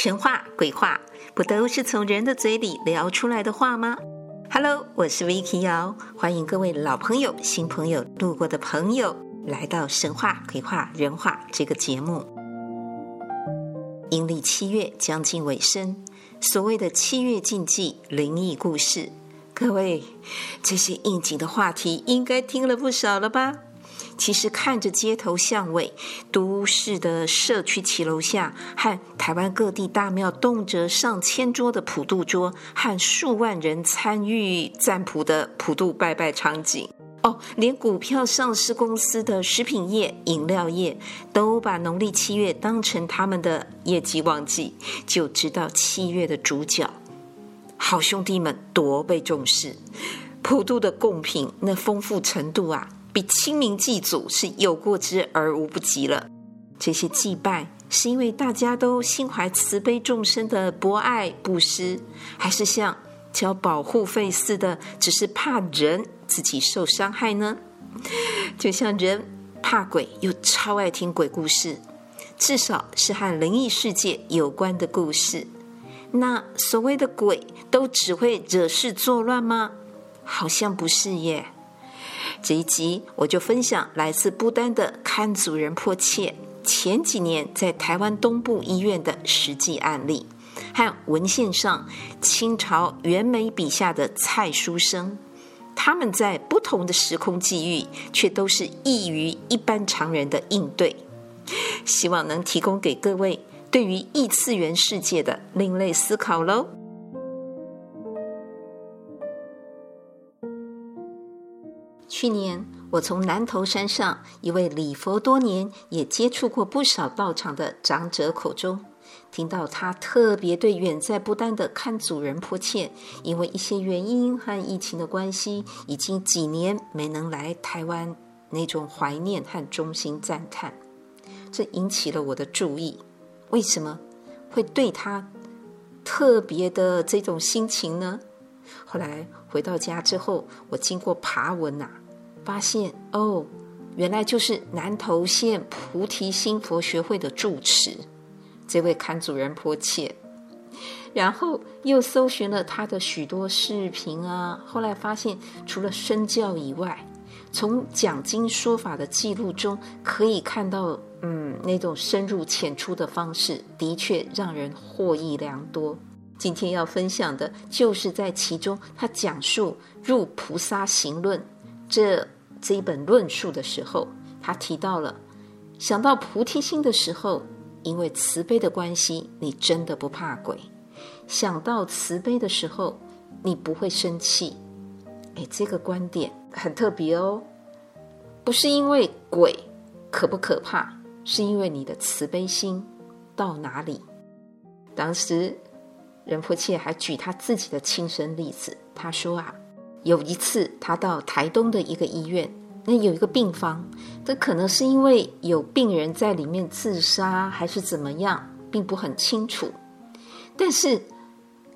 神話、鬼話，不都是從人的嘴裡聊出來的話嗎？Hello，我是 Vicky 姚，歡迎各位老朋友、新朋友、路過的朋友來到《神話、鬼話、人話》這個節目。陰曆七月將近尾聲，所謂的七月禁忌、靈異故事，各位這些應景的話題應該聽了不少了吧？其實看着街頭巷尾、都市的社區騎樓下，和台灣各地大廟動輒上千桌的普渡桌，和數萬人參與贊普的普渡拜拜場景，哦，連股票上市公司的食品業、飲料業都把農曆七月當成他們的業績旺季，就知道七月的主角，好兄弟們多被重視。普渡的貢品那豐富程度啊！比清明祭祖是有過之而無不及了。這些祭拜是因為大家都心懷慈悲眾生的博愛布施，還是像交保護費似的，只是怕人自己受傷害呢？就像人怕鬼，又超愛聽鬼故事，至少是和靈異世界有關的故事。那所謂的鬼都只會惹事作亂嗎？好像不是耶。這一集，我就分享來自不丹的堪祖仁波切前幾年在台灣東部醫院的實際案例，和文獻上清朝袁枚筆下的蔡書生，他們在不同的時空際遇，卻都是異於一般常人的應對，希望能提供給各位對於異次元世界的另類思考嘍。去年，我從南投山上一位禮佛多年、也接觸過不少道場的長者口中，聽到他特別對遠在不丹的堪祖仁波切，因為一些原因和疫情的關係，已經幾年沒能來台灣，那種懷念和衷心讚嘆，這引起了我的注意。為什麼會對他特別的這種心情呢？後來回到家之後，我經過爬文吶、啊。發現哦，原來就是南投縣菩提心佛學會的住持，這位堪祖仁波切，然後又搜尋了他的許多視頻啊。後來發現，除了身教以外，從講經說法的記錄中可以看到，嗯，那種深入淺出的方式，的確讓人獲益良多。今天要分享的就是在其中，他講述《入菩薩行論》這。這一本論述的時候，他提到了，想到菩提心的時候，因為慈悲的關係，你真的不怕鬼；想到慈悲的時候，你不會生氣。誒，這個觀點很特別哦，不是因為鬼可不可怕，是因為你的慈悲心到哪裡。當時仁波切還舉他自己的親身例子，他說啊。有一次，他到台東的一個醫院，那有一個病房，這可能是因為有病人在裡面自殺，還是怎麼樣，並不很清楚。但是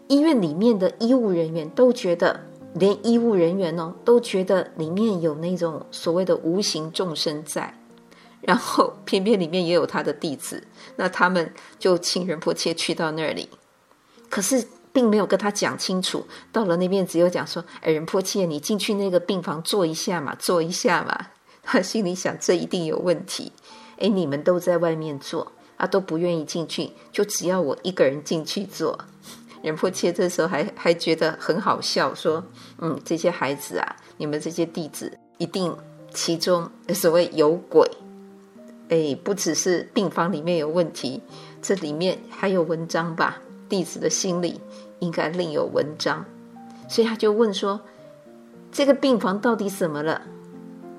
醫院裡面的醫務人員都覺得，連醫務人員呢、哦，都覺得裡面有那種所謂的無形眾生在。然後偏偏裡面也有他的弟子，那他們就請仁波切去到那裡，可是。並沒有跟他講清楚，到了那邊只有講說：“哎，仁波切，你進去那個病房坐一下嘛，坐一下嘛。”他心裡想：這一定有問題。哎，你們都在外面坐，啊，都不願意進去，就只要我一個人進去坐。仁波切這時候還還覺得很好笑，說：“嗯，這些孩子啊，你們這些弟子一定其中所謂有鬼。哎，不只是病房裡面有問題，這裡面還有文章吧？弟子的心理。”應該另有文章，所以他就問說：“這個病房到底怎麼了？”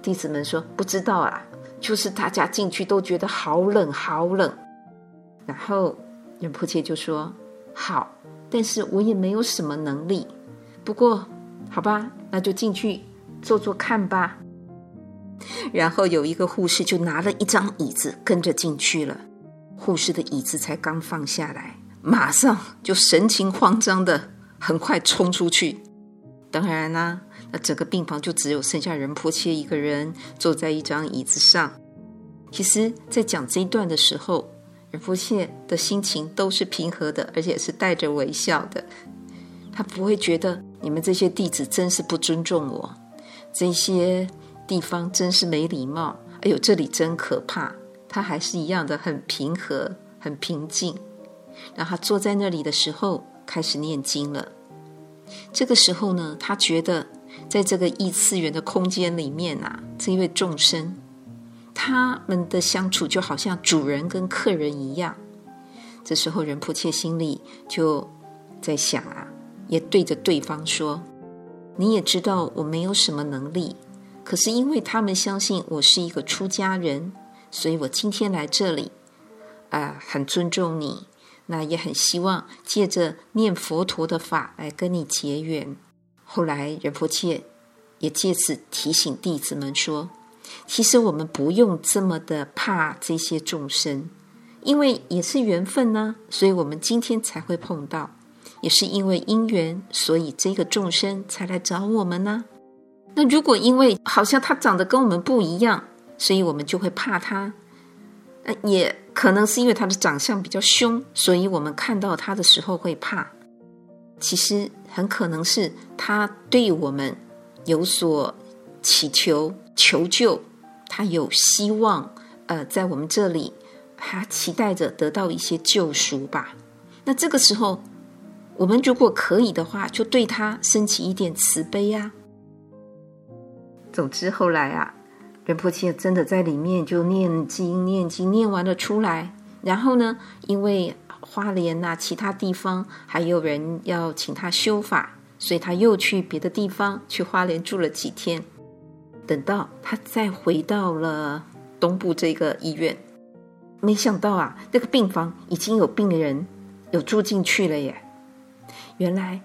弟子們說：“不知道啊，就是大家進去都覺得好冷，好冷。”然後仁波切就說：“好，但是我也沒有什麼能力，不過好吧，那就進去坐坐看吧。”然後有一個護士就拿了一張椅子跟着進去了，護士的椅子才剛放下來。馬上就神情慌張的，很快衝出去。當然啦、啊，那整個病房就只有剩下仁波切一個人坐在一張椅子上。其實，在講這一段的時候，仁波切的心情都是平和的，而且是帶着微笑的。他不會覺得你們這些弟子真是不尊重我，這些地方真是沒禮貌。哎呦，這裡真可怕！他還是一樣的很平和，很平靜。然後他坐在那裡的時候，開始念經了。這個時候呢，他覺得在這個異次元的空間裡面啊，這位眾生他們的相處就好像主人跟客人一樣。這時候，仁波切心裡就在想啊，也對着對方說：“你也知道我沒有什麼能力，可是因為他們相信我是一個出家人，所以我今天來這裡，呃，很尊重你。”那也很希望借着念佛陀的法來跟你結緣。後來仁波切也借此提醒弟子們說：“其實我們不用這麼的怕這些眾生，因為也是緣分呢、啊，所以我們今天才會碰到，也是因為因緣，所以這個眾生才來找我們呢、啊。那如果因為好像他長得跟我們不一樣，所以我們就會怕他。”也可能是因為他的長相比較兇，所以我們看到他的時候會怕。其實很可能是他對我們有所祈求、求救，他有希望，呃，在我們這裡，他期待着得到一些救贖吧。那這個時候，我們如果可以的話，就對他升起一點慈悲呀、啊。總之，後來啊。仁波切真的在裡面就念經念經念完了出來，然後呢，因為花蓮吶、啊，其他地方還有人要請他修法，所以他又去別的地方去花蓮住了幾天。等到他再回到了東部這個醫院，沒想到啊，那個病房已經有病人有住進去了耶！原來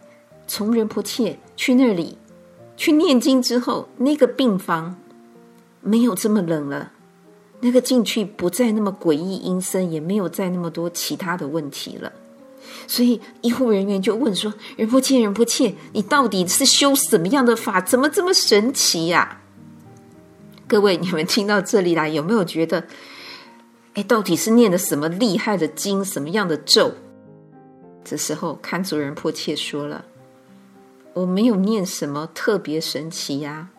從仁波切去那裡去念經之後，那個病房。沒有這麼冷了，那個進去不再那麼詭異陰森，也沒有再那麼多其他的問題了。所以醫護人員就問說：“仁波切，仁波切，你到底是修什麼樣的法？怎麼這麼神奇呀，啊？”各位，你們聽到這裡啦，有沒有覺得，哎，到底是念的什麼厲害的經，什麼樣的咒？這時候堪祖仁波切說了：“我沒有念什麼特別神奇呀，啊。”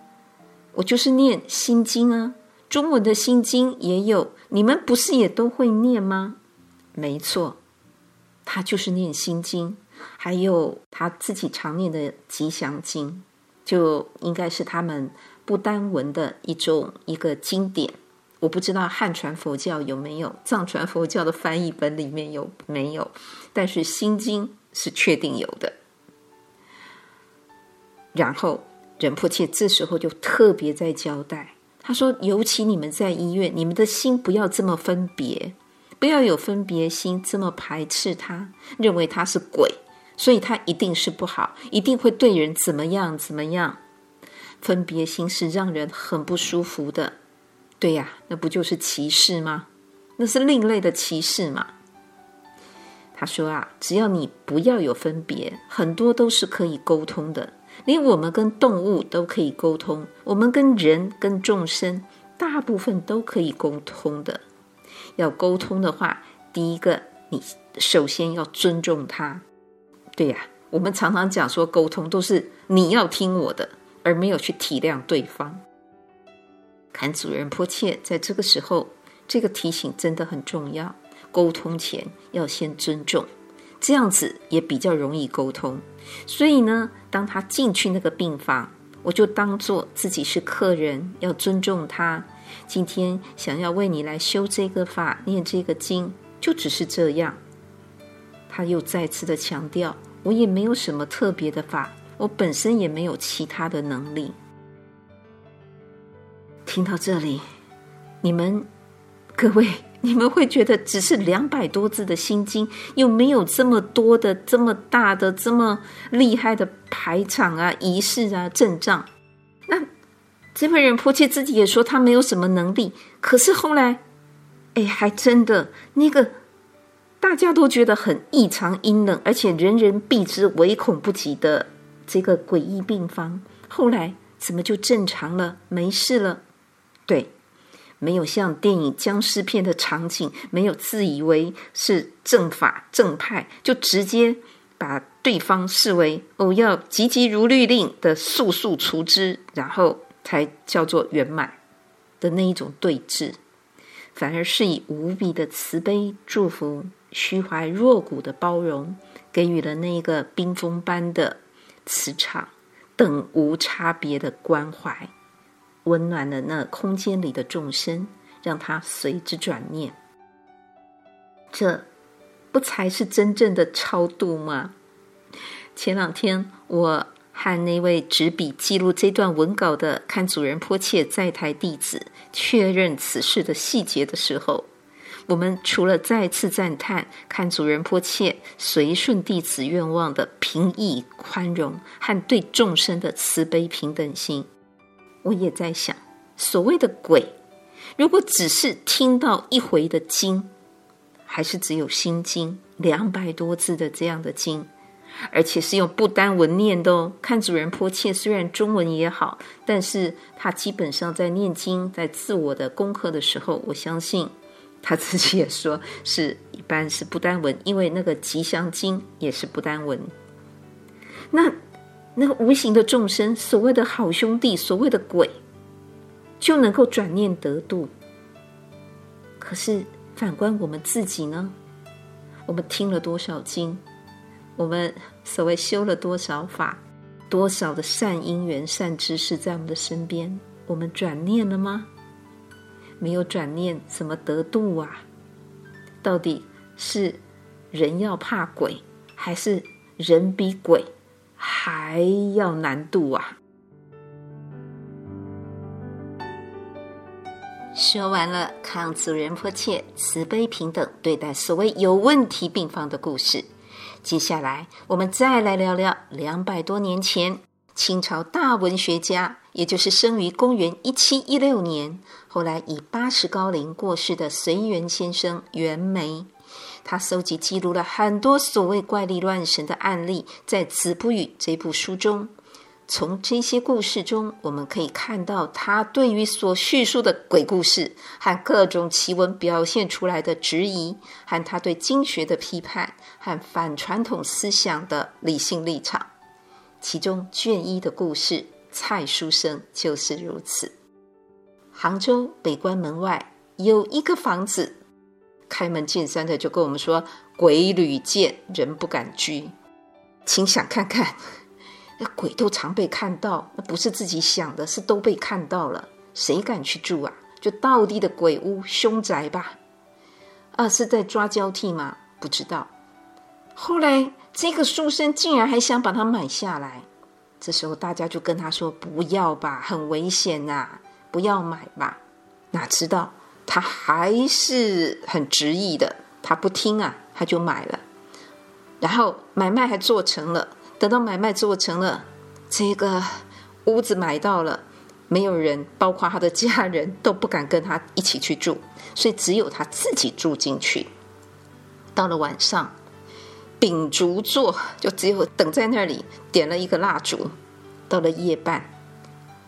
我就是念心經啊，中文的心經也有，你們不是也都會念嗎？沒錯，他就是念心經，還有他自己常念的吉祥經，就應該是他們不丹文的一種一個經典。我不知道漢傳佛教有沒有，藏傳佛教的翻譯本裡面有沒有，但是心經是確定有的。然後。仁波切，這時候就特別在交代。他說：“尤其你們在醫院，你們的心不要這麼分別，不要有分別心，這麼排斥他，認為他是鬼，所以他一定是不好，一定會對人怎麼樣怎麼樣。分別心是讓人很不舒服的，對呀、啊，那不就是歧視嗎？那是另類的歧視嘛。”他說：“啊，只要你不要有分別，很多都是可以溝通的。”連我們跟動物都可以溝通，我們跟人跟眾生大部分都可以溝通的。要溝通的話，第一個，你首先要尊重他。對呀、啊，我們常常講說，溝通都是你要聽我的，而沒有去體諒對方。堪祖仁波切，在這個時候，這個提醒真的很重要。溝通前要先尊重。這樣子也比較容易溝通，所以呢，當他進去那個病房，我就當做自己是客人，要尊重他。今天想要為你來修這個法，念這個經，就只是這樣。他又再次的強調，我也沒有什麼特別的法，我本身也沒有其他的能力。聽到這裡，你們各位。你們會覺得只是兩百多字的心經，又沒有這麼多的，這麼大的，這麼厲害的排場啊、儀式啊、陣仗。那這位仁波切自己也說他沒有什麼能力，可是後來，哎，還真的那個大家都覺得很異常陰冷，而且人人避之唯恐不及的這個詭異病房，後來怎麼就正常了、沒事了？對。沒有像電影殭屍片的場景，沒有自以為是正法正派，就直接把對方視為“哦，要急急如律令”的速速除之，然後才叫做圓滿的那一種對峙，反而是以無比的慈悲祝福、虛懷若谷的包容，給予了那個冰封般的磁場等無差別的關懷。溫暖了那空間裡的眾生，讓他隨之轉念，這不才是真正的超度嗎？前兩天，我和那位執筆記錄這段文稿的堪祖仁波切在台弟子確認此事的細節的時候，我們除了再次讚嘆堪祖仁波切隨順弟子願望的平易寬容和對眾生的慈悲平等心。我也在想，所謂的鬼，如果只是聽到一回的經，還是只有心經兩百多字的這樣的經，而且是用不丹文念的哦。堪祖仁波切，雖然中文也好，但是他基本上在念經，在自我的功課的時候，我相信他自己也說是一般是不丹文，因為那個吉祥經也是不丹文。那，那無形的眾生，所謂的好兄弟，所謂的鬼，就能夠轉念得度。可是反觀我們自己呢？我們聽了多少經，我們所謂修了多少法，多少的善因緣、善知識在我們的身邊，我們轉念了嗎？沒有轉念，怎麼得度啊？到底是人要怕鬼，還是人比鬼？還要難度啊！說完了，堪祖仁波切慈悲平等對待所謂有問題病房的故事。接下來，我們再來聊聊兩百多年前清朝大文學家，也就是生於公元一七一六年，後來以八十高齡過世的隨園先生袁枚。他收集記錄了很多所謂怪力亂神的案例，在《子不語》這部書中，從這些故事中，我們可以看到他對於所敘述的鬼故事和各種奇聞表現出來的質疑，和他對經學的批判和反傳統思想的理性立場。其中卷一的故事《蔡書生》就是如此。杭州北關門外有一個房子。開門見山的就跟我們說：“鬼屢見，人不敢居，請想看看，那鬼都常被看到，那不是自己想的，是都被看到了，誰敢去住啊？就到底的鬼屋、凶宅吧。二、啊、是在抓交替嗎？不知道。後來這個書生竟然還想把它買下來，這時候大家就跟他說：不要吧，很危險呐、啊，不要買吧。哪知道？”他還是很執意的，他不聽啊，他就買了，然後買賣還做成了。等到買賣做成了，這個屋子買到了，沒有人，包括他的家人都不敢跟他一起去住，所以只有他自己住進去。到了晚上，秉燭坐，就只有等在那裡，點了一個蠟燭。到了夜半，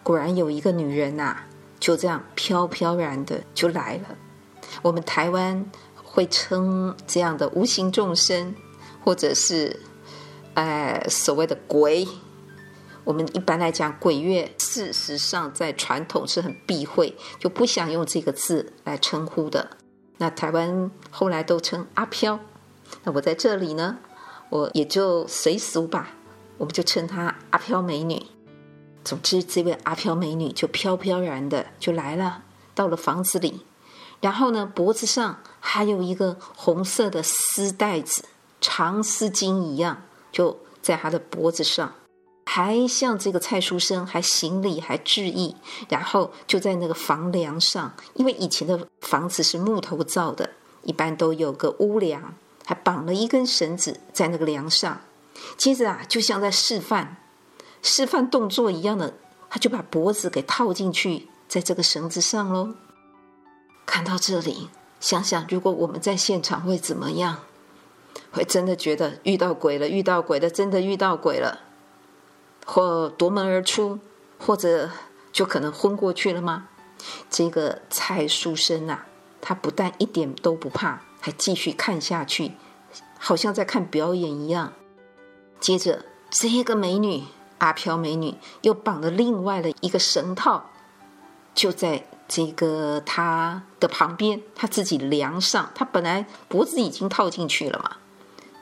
果然有一個女人啊。就這樣飄飄然的就來了。我們台灣會稱這樣的無形眾生，或者是呃所謂的鬼。我們一般來講鬼月，事實上在傳統是很避諱，就不想用這個字來稱呼的。那台灣後來都稱阿飄。那我在這裡呢，我也就隨俗吧，我們就稱她阿飄美女。總之，這位阿飄美女就飄飄然的就來了，到了房子裡，然後呢，脖子上還有一個紅色的絲帶子，長絲巾一樣，就在她的脖子上，還向這個蔡書生還行禮還致意，然後就在那個房梁上，因為以前的房子是木頭造的，一般都有個屋梁，還綁了一根繩子在那個梁上，接着啊，就像在示範。示範動作一樣的，他就把脖子給套進去，在這個繩子上嘍。看到這裡，想想如果我們在現場會怎麼樣？會真的覺得遇到鬼了？遇到鬼了，真的遇到鬼了？或奪門而出，或者就可能昏過去了嗎？這個蔡書生吶、啊，他不但一點都不怕，還繼續看下去，好像在看表演一樣。接着，這個美女。阿飄美女又綁了另外的一個繩套，就在這個她的旁邊，她自己梁上，她本來脖子已經套進去了嘛，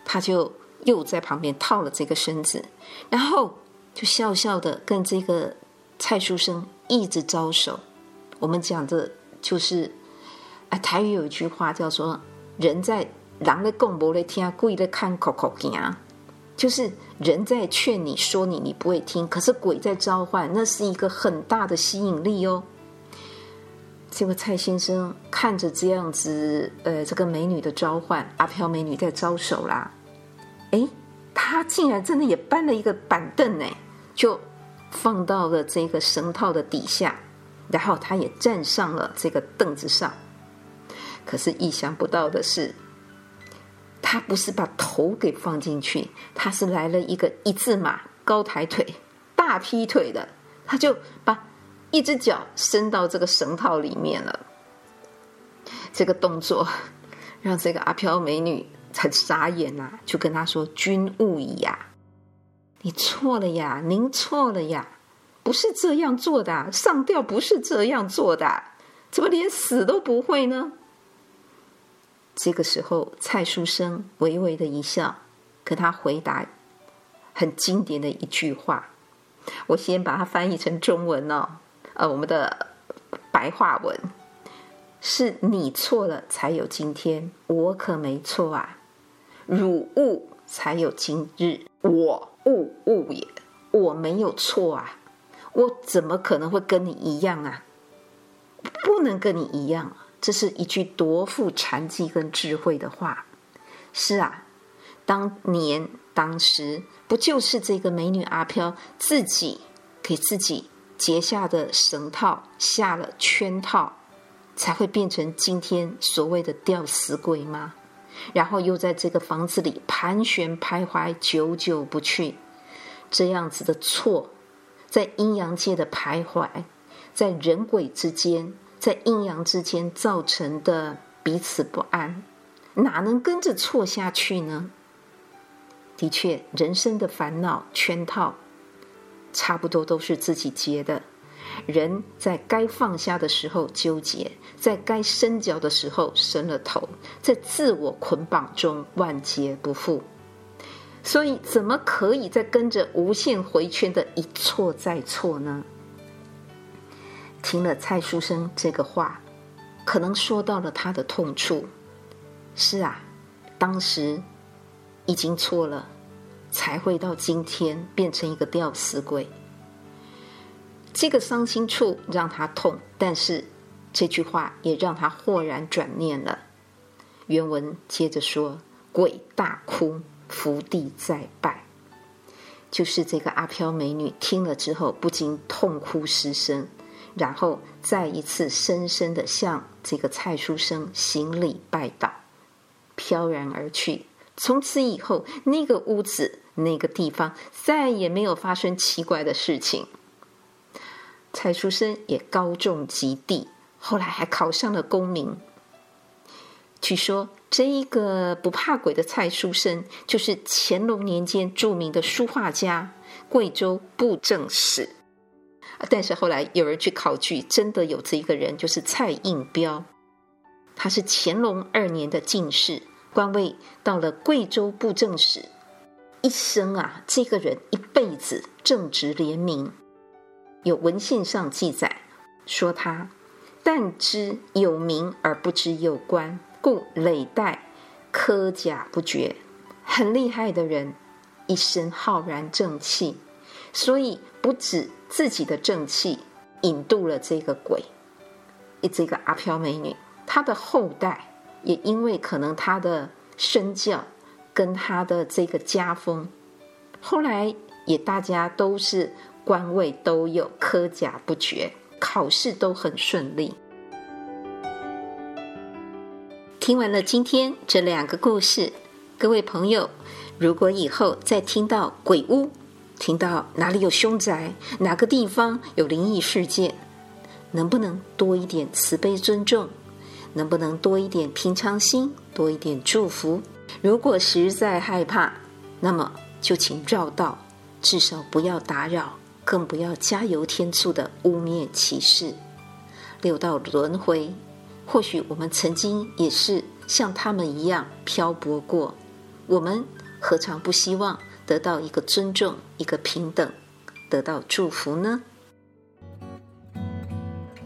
她就又在旁邊套了這個繩子，然後就笑笑的跟這個蔡書生一直招手。我們講的就是，啊，台語有一句話叫做“人在人咧講，無咧聽，鬼咧看，口口驚”。就是人在勸你說你，你不會聽；可是鬼在召喚，那是一個很大的吸引力哦。這個蔡先生看着這樣子，呃，這個美女的召喚，阿飄美女在招手啦。誒，他竟然真的也搬了一個板凳，呢，就放到了這個繩套的底下，然後他也站上了這個凳子上。可是意想不到的是。他不是把頭給放進去，他是來了一個一字馬、高抬腿、大劈腿的，他就把一隻腳伸到這個繩套裡面了。這個動作讓這個阿飄美女很傻眼吶、啊，就跟他說：“君誤矣呀，你錯了呀，您錯了呀，不是這樣做的、啊，上吊不是這樣做的、啊，怎麼連死都不會呢？”這個時候，蔡書生微微的一笑，跟他回答很經典的一句話，我先把它翻譯成中文哦，呃，我們的白話文，是你錯了才有今天，我可沒錯啊，汝誤才有今日，我勿誤也，我沒有錯啊，我怎麼可能會跟你一樣啊？不能跟你一樣。這是一句多富禪機跟智慧的話。是啊，當年當時不就是這個美女阿飄自己給自己結下的繩套，下了圈套，才會變成今天所謂的吊死鬼嗎？然後又在這個房子裡盤旋徘徊，久久不去，這樣子的錯，在陰陽界的徘徊，在人鬼之間，在陰陽之間造成的彼此不安，哪能跟着錯下去呢？的確，人生的煩惱圈套，差不多都是自己結的。人在該放下的時候糾結，在該伸腳的時候伸了頭，在自我捆綁中萬劫不復。所以，怎麼可以再跟着無限回圈的一錯再錯呢？聽了蔡書生這個話，可能說到了他的痛處。是啊，當時已經錯了，才會到今天變成一個吊死鬼。這個傷心處讓他痛，但是這句話也讓他豁然轉念了。原文接着說：“鬼大哭伏地再拜。”就是這個阿飄美女聽了之後，不禁痛哭失聲。然後再一次深深的向這個蔡書生行禮拜倒，飄然而去。從此以後，那個屋子、那個地方再也沒有發生奇怪的事情。蔡書生也高中及第，後來還考上了功名。據說，這一個不怕鬼的蔡書生，就是乾隆年間著名的書畫家、貴州布政使。但是後來有人去考據，真的有這一個人，就是蔡應彪，他是乾隆二年的進士，官位到了貴州布政使，一生啊，這個人一輩子正直廉明，有文獻上記載說他但知有名而不知有官，故累代科甲不絕，很厲害的人，一身浩然正氣，所以，不止自己的正氣引渡了這個鬼，一這個阿飄美女，她的後代也因為可能她的身教跟她的這個家風，後來也大家都是官位都有科甲不絕，考試都很順利。聽完了今天這兩個故事，各位朋友，如果以後再聽到鬼屋，聽到哪裡有凶宅，哪個地方有靈異事件，能不能多一點慈悲尊重？能不能多一點平常心，多一點祝福？如果實在害怕，那麼就請繞道，至少不要打擾，更不要加油添醋的污蔑歧視。六道輪回，或許我們曾經也是像他們一樣漂泊過，我們何嘗不希望？得到一個尊重，一個平等，得到祝福呢？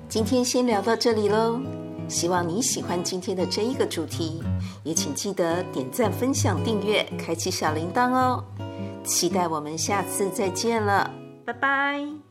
今天先聊到這裡嘍，希望你喜歡今天的這一個主題，也請記得點讚、分享、訂閱、開啟小鈴鐺哦。期待我們下次再見了，拜拜。